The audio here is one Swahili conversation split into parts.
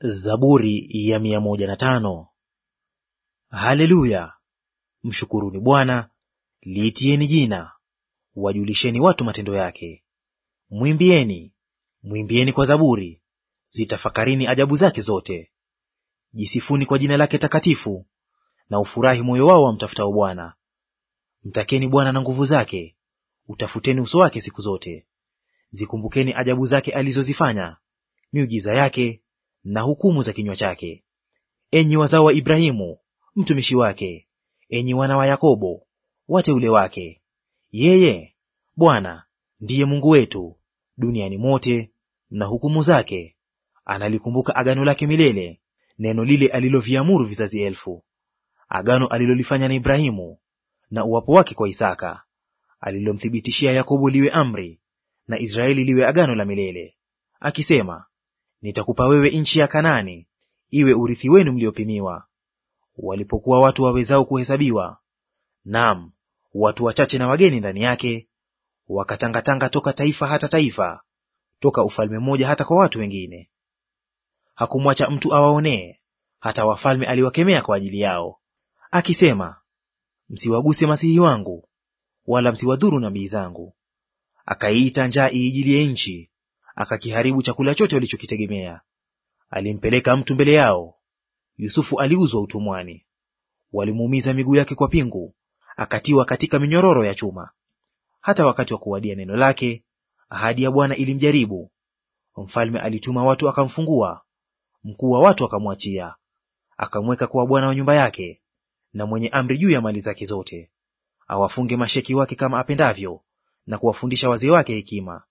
Zaburi ya mia moja na tano. Haleluya! Mshukuruni Bwana, liitieni jina, wajulisheni watu matendo yake. Mwimbieni, mwimbieni kwa zaburi, zitafakarini ajabu zake zote. Jisifuni kwa jina lake takatifu, na ufurahi moyo wao wamtafutao Bwana. Mtakeni Bwana na nguvu zake, utafuteni uso wake siku zote. Zikumbukeni ajabu zake alizozifanya, miujiza yake na hukumu za kinywa chake. Enyi wazao wa Ibrahimu mtumishi wake, enyi wana wa Yakobo wateule wake, yeye Bwana ndiye Mungu wetu, duniani mote na hukumu zake. Analikumbuka agano lake milele, neno lile aliloviamuru vizazi elfu, agano alilolifanya na Ibrahimu na uwapo wake kwa Isaka, alilomthibitishia Yakobo liwe amri na Israeli liwe agano la milele, akisema, nitakupa wewe nchi ya kanani iwe urithi wenu mliopimiwa. Walipokuwa watu wawezao kuhesabiwa, naam, watu wachache na wageni ndani yake, wakatangatanga toka taifa hata taifa, toka ufalme mmoja hata kwa watu wengine. Hakumwacha mtu awaonee, hata wafalme aliwakemea kwa ajili yao, akisema, msiwaguse masihi wangu, wala msiwadhuru nabii zangu. Akaiita njaa iijilie nchi, akakiharibu chakula chote walichokitegemea. Alimpeleka mtu mbele yao. Yusufu aliuzwa utumwani, walimuumiza miguu yake kwa pingu, akatiwa katika minyororo ya chuma. Hata wakati wa kuwadia neno lake, ahadi ya Bwana ilimjaribu. Mfalme alituma watu akamfungua, mkuu wa watu akamwachia, akamweka kuwa bwana wa nyumba yake na mwenye amri juu ya mali zake zote, awafunge masheki wake kama apendavyo, na kuwafundisha wazee wake hekima.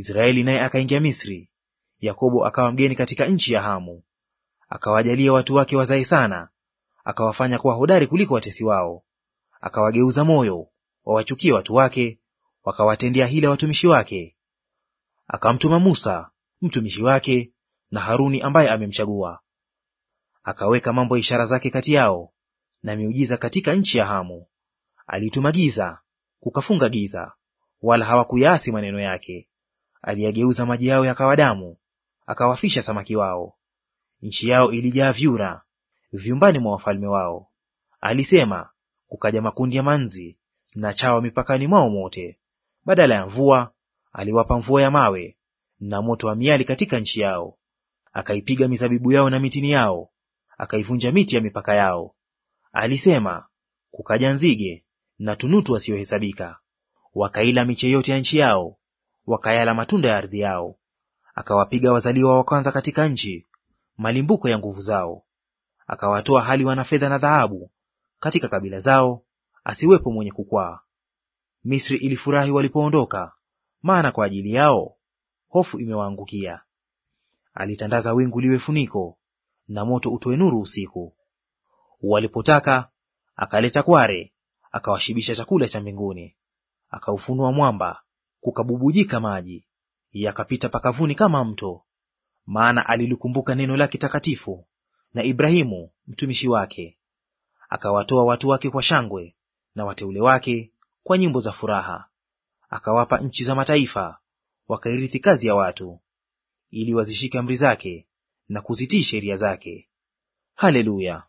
Israeli naye akaingia Misri, Yakobo akawa mgeni katika nchi ya Hamu. Akawajalia watu wake wazae sana, akawafanya kuwa hodari kuliko watesi wao. Akawageuza moyo wawachukie watu wake, wakawatendea hila watumishi wake. Akamtuma Musa mtumishi wake na Haruni ambaye amemchagua. Akaweka mambo ya ishara zake kati yao na miujiza katika nchi ya Hamu. Alituma giza, kukafunga giza, wala hawakuyaasi maneno yake aliyageuza maji yao yakawa damu, akawafisha samaki wao. Nchi yao ilijaa vyura vyumbani mwa wafalme wao. Alisema, kukaja makundi ya manzi na chawa mipakani mwao mote. Badala ya mvua aliwapa mvua ya mawe na moto wa miali katika nchi yao. Akaipiga mizabibu yao na mitini yao, akaivunja miti ya mipaka yao. Alisema, kukaja nzige na tunutu wasiyohesabika wakaila miche yote ya nchi yao wakayala matunda ya ardhi yao. Akawapiga wazaliwa wa kwanza katika nchi, malimbuko ya nguvu zao. Akawatoa hali wana fedha na dhahabu katika kabila zao, asiwepo mwenye kukwaa. Misri ilifurahi walipoondoka, maana kwa ajili yao hofu imewaangukia. Alitandaza wingu liwe funiko, na moto utoe nuru usiku. Walipotaka akaleta kware, akawashibisha chakula cha mbinguni. Akaufunua mwamba, kukabubujika maji, yakapita pakavuni kama mto. Maana alilikumbuka neno lake takatifu na Ibrahimu mtumishi wake. Akawatoa watu wake kwa shangwe na wateule wake kwa nyimbo za furaha. Akawapa nchi za mataifa, wakairithi kazi ya watu, ili wazishike amri zake na kuzitii sheria zake. Haleluya!